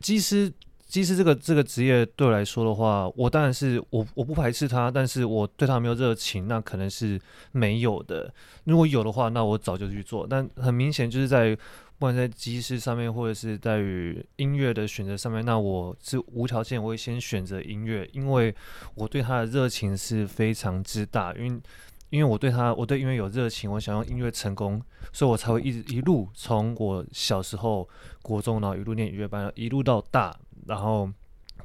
機師機師這個這個職業對我來說的話，我當然是我我不排斥他，但是我對他沒有熱情，那可能是沒有的。如果有的話，那我早就去做。但很明顯就是在不管在機師上面，或者是在於音樂的選擇上面，那我是無條件，我會先選擇音樂，因為我對他的熱情是非常之大，因為。因為我對他，我對音樂有熱情，我想要音樂成功，所以我才會一直一路從我小時候國中，然後一路念音樂班，一路到大，然後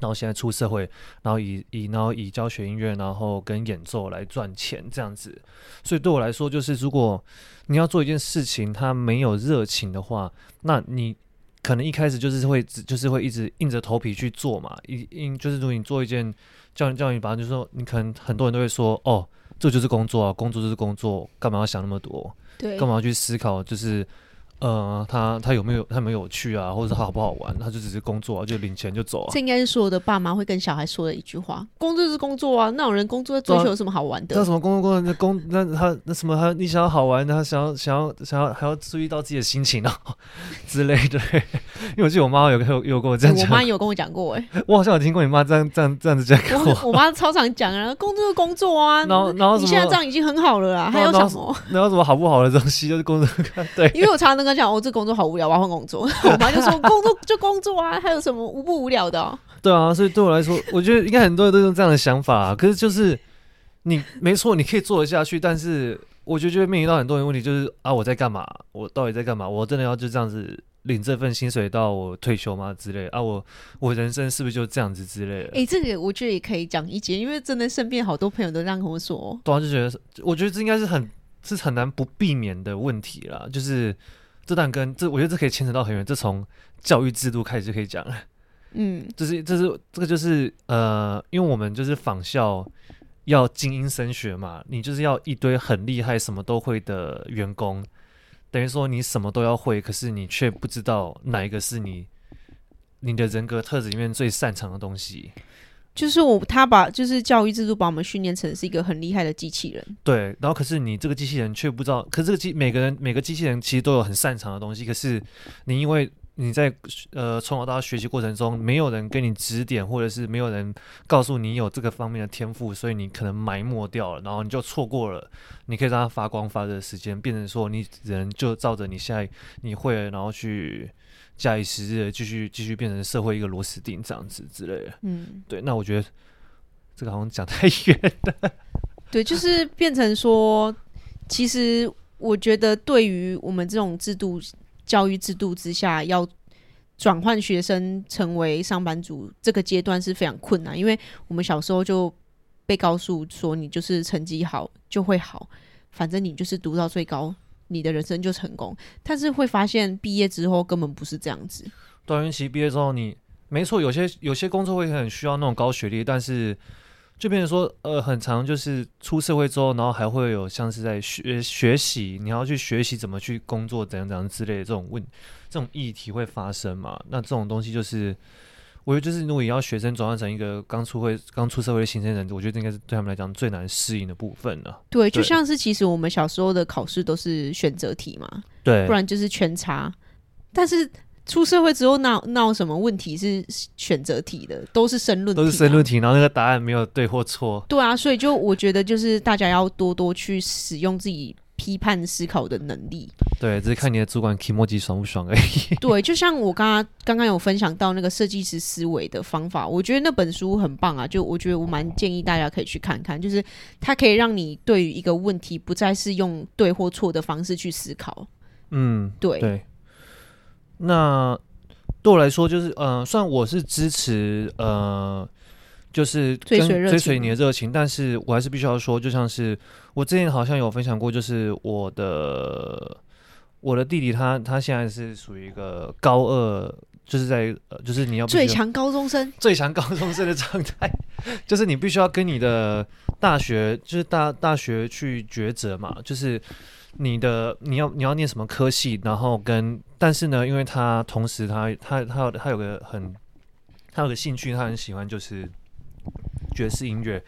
然後現在出社會，然後以以然後以教學音樂，然後跟演奏來賺錢這樣子。所以對我來說，就是如果你要做一件事情，他沒有熱情的話，那你可能一開始就是會就是會一直硬着頭皮去做嘛，一一就是如果你做一件教人教育吧，就是說你可能很多人都會說哦。這就是工作啊，工作就是工作，幹嘛要想那麼多？對，幹嘛要去思考？就是，呃，他他有沒有他沒有趣啊，或者他好不好玩？他就只是工作啊，就領錢就走啊。這應該是所有的爸媽會跟小孩說的一句話：工作就是工作啊，那種人工作在追求有什麼好玩的？那什麼工作工作那工那他那什麼他你想要好玩？他想要想要想要還要注意到自己的心情啊之類的。 因為我記得我媽有有有跟我這樣講，我媽有跟我講過哎、欸，我好像有聽過你媽這樣這樣這樣子講過。我媽超常講啊，工作工作啊，然後然後你現在這樣已經很好了啦、啊。後還有什麼？然後什麼好不好的東西？就是工作對。因為我常常跟她講，哦，這工作好無聊，我要換工作。 我媽就說，工作 就工作啊，還有什麼無不無聊的、啊？對啊，所以對我來說，我覺得應該很多人都用這樣的想法、啊。 可是就是你沒錯，你可以做得下去，但是我覺得就會面臨到很多人問題，就是啊，我在幹嘛？我到底在幹嘛？我真的要就這樣子？領這份薪水到我退休嗎？之類的啊我，我我人生是不是就這樣子之類的？誒、欸，這個我覺得也可以講一集，因為真的身邊好多朋友都這樣跟我說、哦，我、啊、就覺得，我覺得這應該是很，是很難不避免的問題啦。就是這段跟這，我覺得這可以牽扯到很遠，這從教育制度開始就可以講了。嗯，這、就是這、就是這個就是呃，因為我們就是仿效要精英升學嘛，你就是要一堆很厲害、什麼都會的員工。等於說你什麼都要會，可是你卻不知道哪一個是你，你的人格特質裡面最擅長的東西。就是我，他把，就是教育制度把我們訓練成是一個很厲害的機器人，對，然後可是你這個機器人卻不知道，可是這個機，每個人，每個機器人其實都有很擅長的東西，可是你因為。你在呃從小到大學習過程中，沒有人給你指點，或者是沒有人告訴你有這個方面的天賦，所以你可能埋沒掉了，然後你就錯過了，你可以讓它發光發熱的時間，變成說你人就照着你現在你會，然後去假以時日，繼續繼續變成社會一個螺絲釘這樣子之類的。嗯，對，那我覺得這個好像講太遠了。對，就是變成說， 其實我覺得對於我們這種制度。教育制度之下，要轉換學生成為上班族，這個階段是非常困難，因為我們小時候就被告訴說，你就是成績好就會好，反正你就是讀到最高，你的人生就成功。但是會發現，畢業之後根本不是這樣子。對，因為其實畢業之後你，你沒錯，有些有些工作會很需要那種高學歷，但是。就變成說，呃，很常，就是出社會之後，然後還會有像是在學學習，你要去學習怎麼去工作，怎樣怎樣之類的這種問，這種議題會發生嘛？那這種東西就是，我覺得就是如果你要學生轉換成一個剛出會、剛出社會的新鮮人，我覺得應該是對他們來講最難適應的部分了、啊。對，對就像是其實我們小時候的考試都是選擇題嘛，對，不然就是圈叉，但是。出社會之後鬧，鬧那什麼問題是選擇題的？都是申論題，啊，都是申論題，然後那個答案沒有對或錯。對啊，所以就我覺得，就是大家要多多去使用自己批判思考的能力。對，只是看你的主管 kimoji 爽不爽而已。 對，就像我剛剛剛剛有分享到那個設計師思維的方法，我覺得那本書很棒啊，就我覺得我蠻建議大家可以去看看，就是它可以讓你對於一個問題不再是用對或錯的方式去思考。嗯，對。對那對我來說，就是，嗯，算我是支持，呃，就是追隨追隨你的熱情，但是我還是必須要說，就像是我之前好像有分享過，就是我的我的弟弟，他他現在是屬於一個高二，就是在，呃，就是你要，要最強高中生、最強高中生的狀態，就是你必須要跟你的大學，就是大大學去抉擇嘛，就是。你的你要你要念什麼科系？然後跟但是呢，因為他同時他他他他有，他有個很他有個興趣，他很喜歡就是爵士音樂。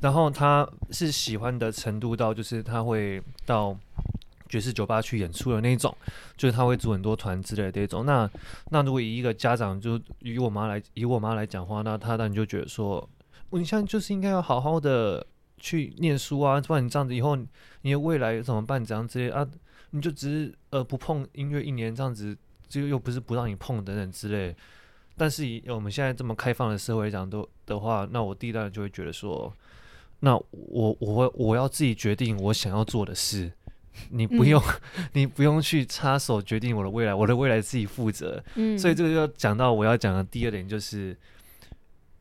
然後他是喜歡的程度到就是他會到爵士酒吧去演出的那種，就是他會組很多團之類的那種。那那如果以一個家長，就以我媽來以我媽來講話，那他當然就覺得說，你現在就是應該要好好的。去念書啊，不然你這樣子以後，你的未來怎麼辦？怎樣之類啊？你就只是呃不碰音樂一年這樣子，就又不是不讓你碰等等之類。但是以我們現在這麼開放的社會講都的話，那我弟當然就會覺得說，那我我會我要自己決定我想要做的事，你不用、嗯、 你不用去插手決定我的未來，我的未來自己負責。嗯、所以這個就講到我要講的第二點，就是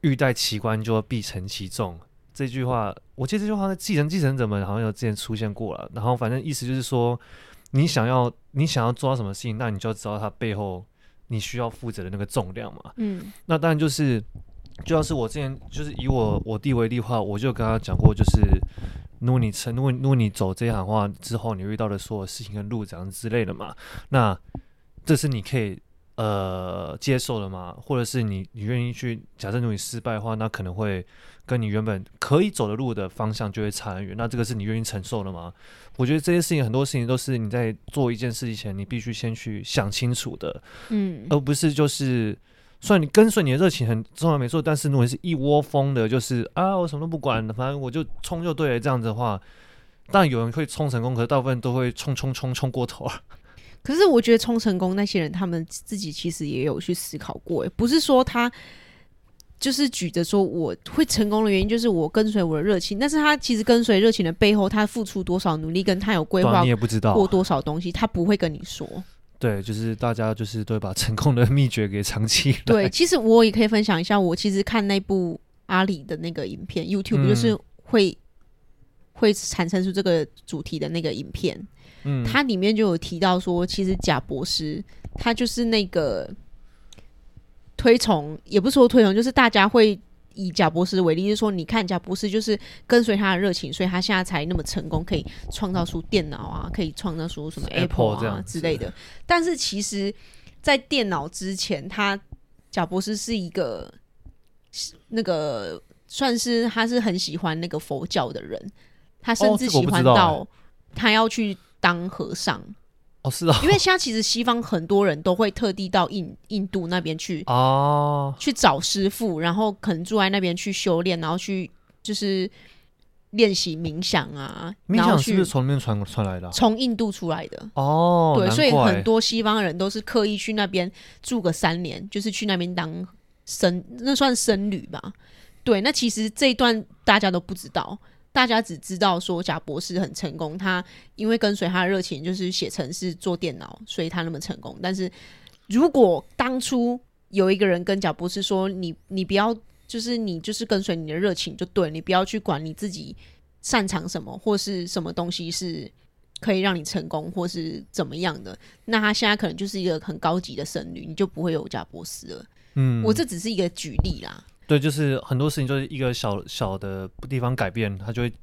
欲戴其冠，就要必承其重。這句話，我記得這句話的繼承繼承者們好像有之前出現過了。然後反正意思就是說，你想要你想要做到什麼事情，那你就要知道它背後你需要負責的那個重量嘛。嗯，那當然就是，就要是我之前就是以我我弟為例的話，我就跟他講過，就是如果你成，如果如果你走這一行的話之後，你遇到的所有事情跟路怎樣之類的嘛，那這是你可以。呃，接受了嗎？或者是你，你願意去，假設如果你失敗的話，那可能會跟你原本可以走的路的方向就會差很遠，那這個是你願意承受的嗎？我覺得這些事情，很多事情都是你在做一件事情前，你必須先去想清楚的。嗯，而不是就是，雖然你跟隨你的熱情很重要沒錯，但是如果是一窩蜂的，就是啊，我什麼都不管，反正我就衝就對了。這樣子的話，當然有人會衝成功，可是大部分都會衝衝衝衝過頭。可是我覺得衝成功那些人，他們自己其實也有去思考過，誒，不是說他就是舉着說我會成功的原因就是我跟隨我的熱情，但是他其實跟隨熱情的背後，他付出多少努力，跟他有規劃，你也不知道，過多少東西，他不會跟你說。對，就是大家就是都把成功的秘訣給藏起來。對，其實我也可以分享一下，我其實看那部阿里的那個影片，YouTube、嗯、就是會會產生出這個主題的那個影片。嗯，他裡面就有提到說，其實賈伯斯他就是那個推崇，也不是說推崇，就是大家會以賈伯斯為例，就是說你看賈伯斯就是跟隨他的熱情，所以他現在才那麼成功，可以創造出電腦啊，可以創造出什麼 Apple 啊之類的。是是的，但是其實，在電腦之前他，他賈伯斯是一個那個算是他是很喜歡那個佛教的人，他甚至喜歡到他要去。當和尚哦，是啊。哦，因為現在其實西方很多人都會特地到印印度那邊去，哦、去找師父，然後可能住在那邊去修煉，然後去就是練習冥想啊。冥想，冥想是不是從那邊傳傳來的啊？從印度出來的哦？對，難怪。所以很多西方人都是刻意去那邊住個三年，就是去那邊當僧，那算僧侶吧。對，那其實這一段大家都不知道。大家只知道說賈伯斯很成功，他因為跟隨他的熱情，就是寫程式做電腦，所以他那麼成功。但是如果當初有一個人跟賈伯斯說你：“你你不要，就是你就是跟隨你的熱情就對，你不要去管你自己擅長什麼或是什麼東西是可以讓你成功或是怎麼樣的，那他現在可能就是一個很高級的僧侶，你就不會有賈伯斯了。”嗯，我這只是一個舉例啦。對，就是很多事情就是一個小小的地方改變，它就會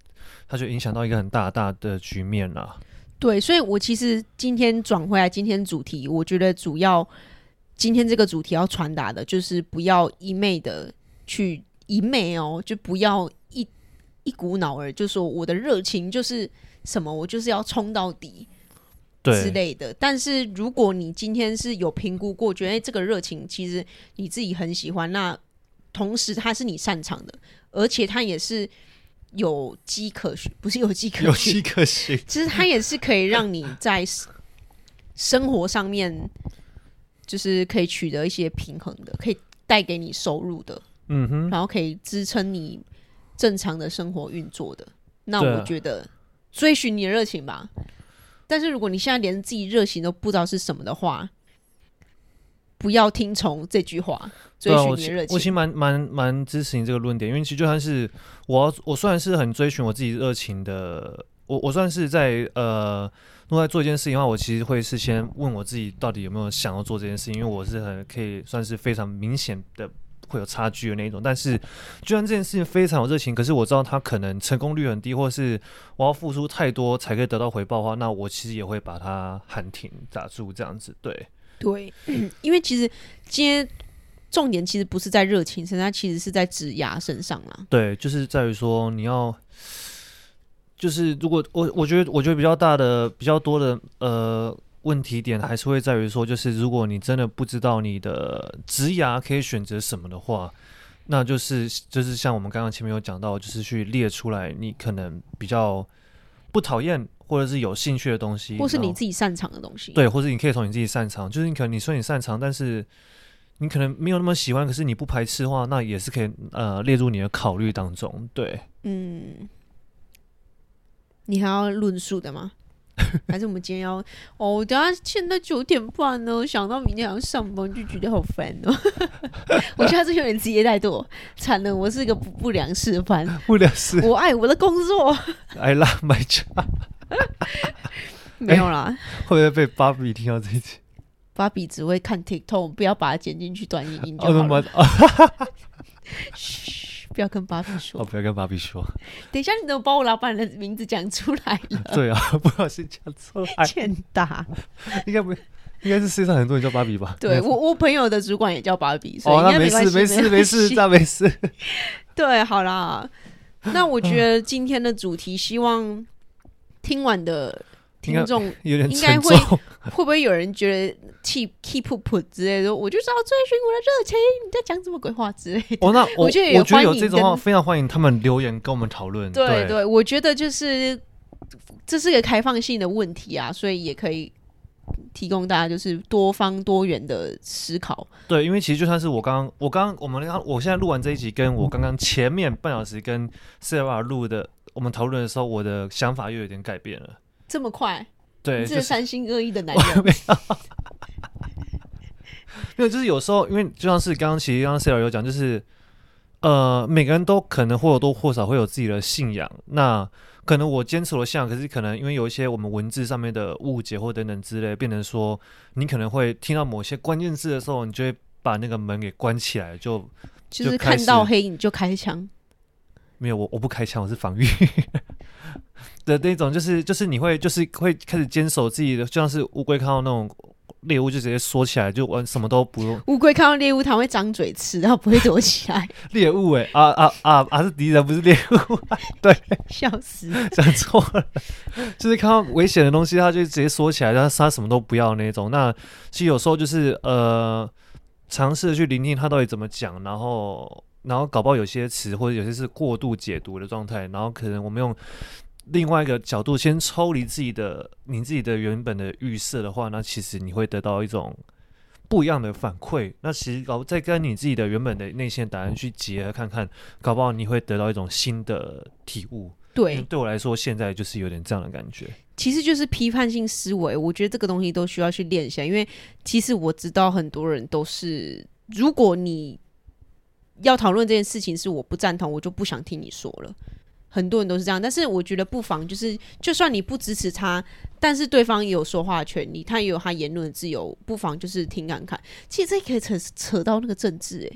它就影響到一個很大大的局面了啊。對，所以我其實今天轉回來，今天主題，我覺得主要今天這個主題要傳達的就是不要一昧的去一昧哦，就不要一一股腦兒就說我的熱情就是什麼，我就是要衝到底，對之類的。對但是如果你今天是有評估過，覺得、哎、這個熱情其實你自己很喜歡，那同時，它是你擅長的，而且它也是有機可循，不是有機可有機可循。其實它也是可以讓你在生活上面，就是可以取得一些平衡的，可以帶給你收入的，嗯哼，然後可以支撐你正常的生活運作的。那我覺得對追尋你的熱情吧。但是如果你現在連自己熱情都不知道是什麼的話，不要聽從這句話，追尋你的熱情。對啊，我。我其實蠻蠻蠻支持你這個論點，因為其實就算是我要，我雖然是很追尋我自己熱情的，我我算是在呃，如果在做一件事情的話，我其實會事先問我自己到底有沒有想要做這件事情。因為我是很可以算是非常明顯的會有差距的那一種，但是，就算這件事情非常有熱情，可是我知道他可能成功率很低，或是我要付出太多才可以得到回報的話，那我其實也會把它喊停、打住這樣子。對。對，因為其實今天重點其實不是在熱情身上，身它其實是在職涯身上啦。對，就是在於說你要，就是如果我我覺得我覺得比較大的，比較多的呃問題點，還是會在於說，就是如果你真的不知道你的職涯可以選擇什麼的話，那就是就是像我們剛剛前面有講到，就是去列出來你可能比較不討厭。或者是有興趣的東西，或是你自己擅長的東西，對，或者你可以從你自己擅長，就是你可能你說，你擅長，但是你可能沒有那麼喜歡，可是你不排斥的話，那也是可以呃列入你的考慮當中，對，嗯，你還要論述的嗎？ 還是我們今天要哦？我等下現在九點半呢，哦， 想到明天還要上班就覺得好煩哦。我真的是有點職業太多慘了，我是一個不良示範 不良示範，不良示範，我愛我的工作 ，I love my job。 沒有啦，會不會被芭比聽到這一集？芭比只會看 TikTok，不要把它剪進去短影音。我噓，不要跟芭比說。哦，不要跟芭比說。等一下，你怎麼把我老闆的名字講出來了？對啊，不小心講錯了，欠打。應該不應該是世界上很多人叫芭比吧？對我，我朋友的主管也叫芭比。哦，那沒事，沒事，沒事，再沒事。對，好啦，那我覺得今天的主題希望。聽完的聽眾應該會， 會不會有人覺得氣氣噗噗之類的？我就是要追尋我的熱情，你在講什麼鬼話之類的？哦，那我，我覺得有歡迎，我覺得有這種話，非常歡迎他們留言跟我們討論。對，對對，對我覺得就是這是一個開放性的問題啊，所以也可以提供大家就是多方多元的思考。對，因為其實就算是我剛剛，我剛剛我們剛，我現在錄完這一集，跟我剛剛前面半小時跟 Sara 錄的，嗯。我們討論的時候，我的想法又有點改變了。這麼快？對，是三心二意的男人。沒有, 沒有，就是有時候，因為就像是剛剛其實剛 Sara 有講，就是呃，每個人都可能或有多或少會有自己的信仰。那可能我堅持了信仰，可是可能因為有一些我們文字上面的誤解或等等之類，變成說你可能會聽到某些關鍵字的時候，你就會把那個門給關起來，就就是看到黑影就開槍，沒有我，我不開槍，我是防禦的 那種，就是就是你會就是會開始堅守自己的，就像是烏龜看到那種獵物就直接縮起來，就我什麼都不用。烏龜看到獵物，它會張嘴吃，然後不會躲起來。 獵物哎、欸，啊啊啊啊，啊是敵人，不是獵物， 對，笑死，講錯了，就是看到危險的東西，它就直接縮起來，它它什麼都不要那種。那其實有時候就是呃，嘗試去聆聽他到底怎麼講，然後。然後搞不好有些詞或者有些是過度解讀的狀態，然後可能我們用另外一個角度先抽離自己的你自己的原本的預設的話，那其實你會得到一種不一樣的反饋。那其實搞再跟你自己的原本的內心的答案去結合看看，搞不好你會得到一種新的體悟。對，對我來說現在就是有點這樣的感覺。其實就是批判性思維，我覺得這個東西都需要去練一下，因為其實我知道很多人都是，如果你。要討論這件事情是我不贊同，我就不想聽你說了。很多人都是這樣，但是我覺得不妨就是，就算你不支持他，但是對方也有說話的權利，他也有他言論自由，不妨就是聽看看。其實這可以扯扯到那個政治、欸，誒，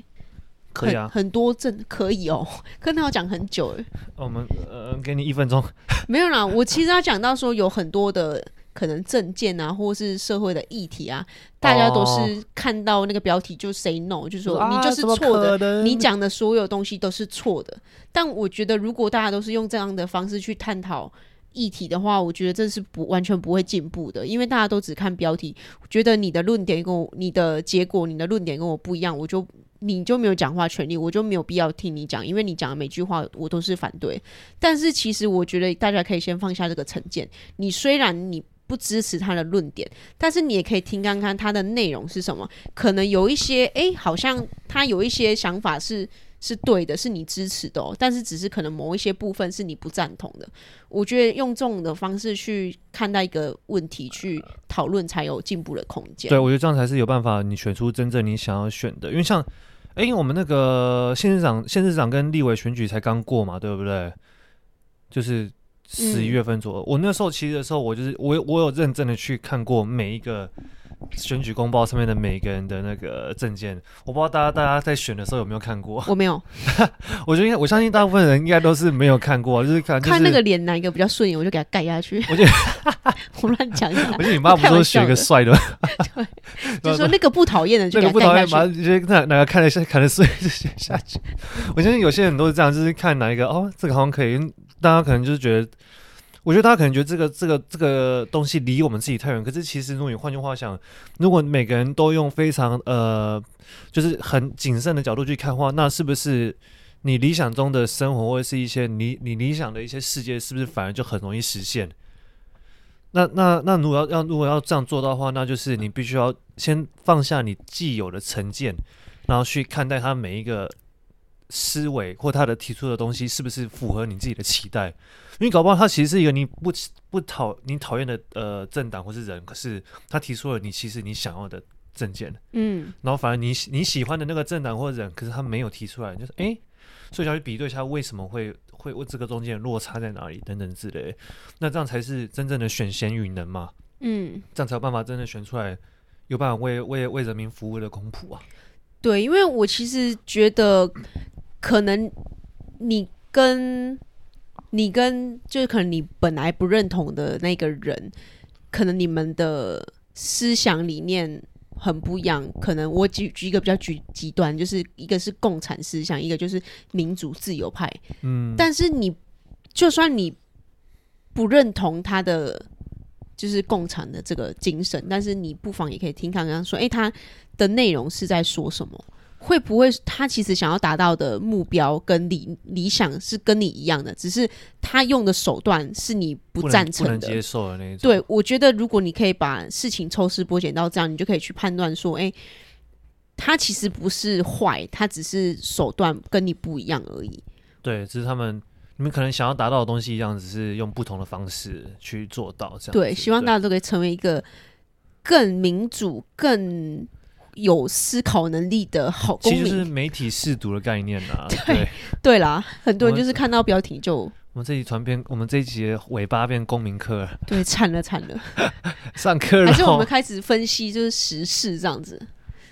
可以啊，很多政可以、喔、哦，跟他要講很久誒、哦，我們呃，給你一分鐘， 沒有啦，我其實要講到說有很多的。可能政見啊，或是社會的議題啊，大家都是看到那個標題就 say no，Oh. 就說你就是錯的，啊、你講的所有東西都是錯的。但我覺得，如果大家都是用這樣的方式去探討議題的話，我覺得這是不完全不會進步的，因為大家都只看標題，我覺得你的論點跟我你的結果，你的論點跟我不一樣，我就你就沒有講話權利，我就沒有必要聽你講，因為你講的每句話我都是反對。但是其實我覺得，大家可以先放下這個成見，你雖然你。不支持他的論點，但是你也可以聽看看他的內容是什麼。可能有一些哎、欸，好像他有一些想法是是對的，是你支持的哦，但是只是可能某一些部分是你不贊同的。我覺得用這種的方式去看待一個問題，去討論才有進步的空間。對，我覺得這樣才是有辦法你選出真正你想要選的。因為像哎、欸，我們那個縣市長、縣市長跟立委選舉才剛過嘛，對不對？就是。嗯、十一月份左右，我那時候其實的時候，我就是我我有認真的去看過每一個選舉公報上面的每一個人的那個證件。我不知道大家大家在選的時候有沒有看過？我沒有。 我覺得我相信大部分人應該都是沒有看過，就是看、就是、看那個臉哪一個比較順眼，我就給他蓋下去。我就胡亂講一下。 我覺得你媽不是都選一個帥的嗎？就說那個不討厭的就蓋下去，那不討厭，把哪。哪個看得下看得順就 下去。我相信有些人都是這樣，就是看哪一個哦，這個好像可以。大家可能就是覺得，我覺得大家可能覺得這個這個這個東西離我們自己太遠。可是其實，如果你換句話想，如果每個人都用非常呃，就是很謹慎的角度去看的話，那是不是你理想中的生活，或是一些你你理想的一些世界，是不是反而就很容易實現？那那那如果要要如果要這樣做到的話，那就是你必須要先放下你既有的成見，然後去看待它每一個。思維或他的提出的東西是不是符合你自己的期待？因為搞不好他其實是一個你不不討你討厭的呃政黨或是人，可是他提出了你其實你想要的政見，嗯，然後反而你你喜歡的那個政黨或者人，可是他沒有提出來，就是哎、欸，所以要去比對一下，為什麼會會這個中間落差在哪裡等等之類的。那這樣才是真正的選賢與能嘛。嗯，這樣才有辦法真的選出來有辦法為為為人民服務的公僕啊。對，因為我其實覺得。可能你跟你跟就是可能你本來不認同的那個人，可能你們的思想理念很不一樣。可能我舉舉一個比較極端，就是一個是共產思想，一個就是民主自由派。嗯，但是你就算你不認同他的就是共產的這個精神，但是你不妨也可以聽他剛剛說，誒、欸，他的內容是在說什麼。會不會他其實想要達到的目標跟理理想是跟你一樣的，只是他用的手段是你不贊成的。不能、不能接受的那一種。對，我覺得如果你可以把事情抽絲剝繭到這樣，你就可以去判斷說，哎、欸，他其實不是壞，他只是手段跟你不一樣而已。對，只是他們你們可能想要達到的東西一樣，只是用不同的方式去做到這樣。對，對希望大家都可以成為一個更民主、更。有思考能力的好公民，其實是媒體識讀的概念啊。 對對， 對啦，很多人就是看到標題就……我們這一團編，我們這一集，這集尾巴變公民課了。對，慘了慘了， 上課了。還是我們開始分析就是時事這樣子。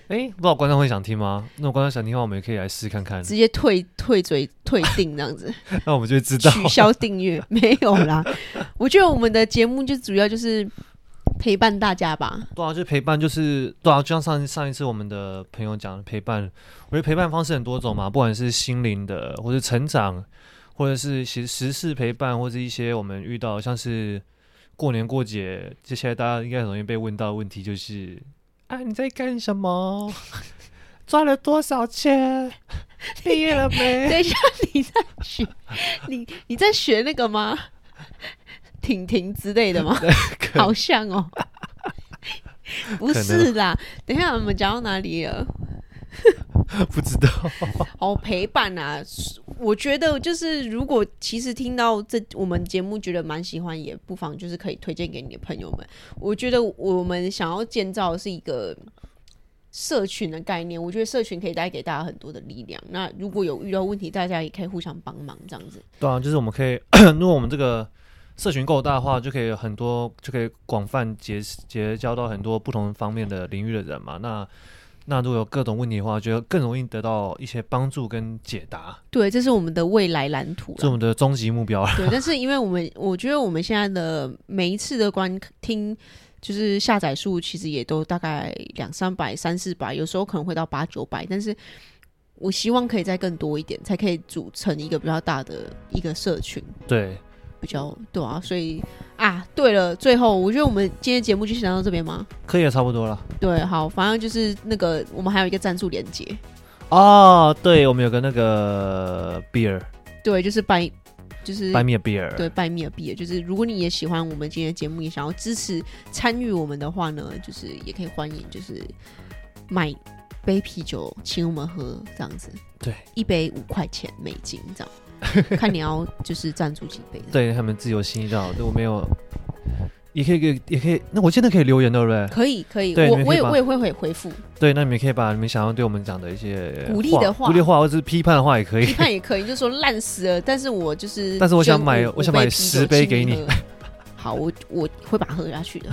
哎， 不知道觀眾會想聽嗎？那我觀眾想聽的話，我們也可以來試看看。 直接退退追退訂這樣子， 那我們就知道取消訂閱 沒有啦。我覺得我們的節目就主要就是。陪伴大家吧，對啊，就陪伴，就是對啊，就像上上一次我們的朋友講的陪伴，我覺得陪伴方式很多種嘛，不管是心靈的，或者成長，或者是時時事陪伴，或者一些我們遇到像是過年過節，這些大家應該很容易被問到的問題就是， 啊，你在幹什麼？賺了多少錢？畢 業了沒？等一下，你在學？你你在學那個嗎？婷婷之類的嗎？好像哦、喔，能 不是啦。能等一下，我們講到哪裡了？ 不知道。好陪伴啊，我覺得就是，如果其實聽到這，我們節目覺得蠻喜歡，也不妨就是可以推薦給你的朋友們。我覺得我們想要建造的是一個社群的概念。我覺得社群可以帶給大家很多的力量。那如果有遇到問題，大家也可以互相幫忙，這樣子。對啊，就是我們可以， 如果我們這個。社群夠大的話，就可以很多，就可以廣泛結結交到很多不同方面的領域的人嘛。那那如果有各種問題的話，就更容易得到一些幫助跟解答。對，這是我們的未來藍圖，是我們的終極目標。對，但是因為我們，我覺得我們現在的每一次的觀聽，就是下載數，其實也都大概兩三百、三四百，有時候可能會到八九百，但是我希望可以再更多一點，才可以組成一個比較大的一個社群。對。比較多啊，所以啊，對了，最後我覺得我們今天節目就先到這邊嗎？可以了，差不多了。對，好，反正就是那個，我們還有一個贊助連接。哦，對，我們有個那個 beer。對，就是 buy，就是 buy me a，beer。對，buy me a，beer，就是如果你也喜歡我們今天的節目，也想要支持參與我們的話呢，就是也可以歡迎，就是買杯啤酒請我們喝，這樣子。對，一杯五塊錢美金這樣。 看你要就是贊助幾杯， 對他們自由心照，對我沒有，也可以給也可以，那我現在可以留言對不對？可以可以，可以對我也我也我也會回回覆。對，那你們可以把你們想要對我們講的一些鼓勵的話、鼓勵話，或者是批判的話也可以，批判也可以， 就是說爛死了，但是我就是就，但是我想買，我想買十杯給你。 好，我我會把它喝下去的。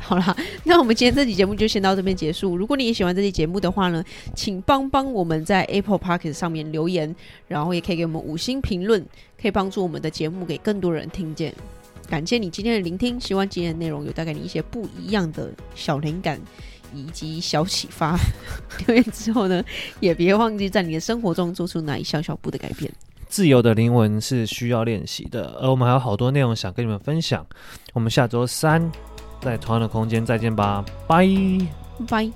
好啦，那我們今天這期節目就先到這邊結束。如果你也喜歡這期節目的話呢，請幫幫我們在 Apple Podcast 上面留言，然後也可以給我們五星評論，可以幫助我們的節目給更多人聽見。感謝你今天的聆聽，希望今天的內容有帶給你一些不一樣的小靈感以及小啟發。 留言之後呢，也別忘記在你的生活中做出哪一小小步的改變。自由的靈魂是需要練習的，而我們還有好多內容想跟你們分享。我們下周三在同樣的空間再見吧，拜拜。